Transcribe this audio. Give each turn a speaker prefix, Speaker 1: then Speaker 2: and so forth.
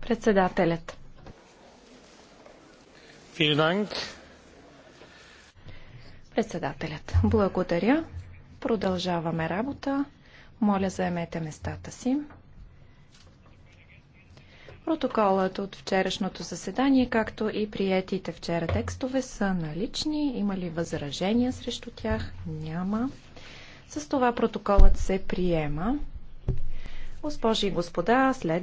Speaker 1: Председателят.
Speaker 2: Председателят. Благодаря. Продължаваме работа. Моля, заемете местата си. Протоколът от вчерашното заседание, както и приятите вчера текстове са налични. Има ли възражения срещу тях? Няма. С това протоколът се приема.
Speaker 3: Госпожи и господа, след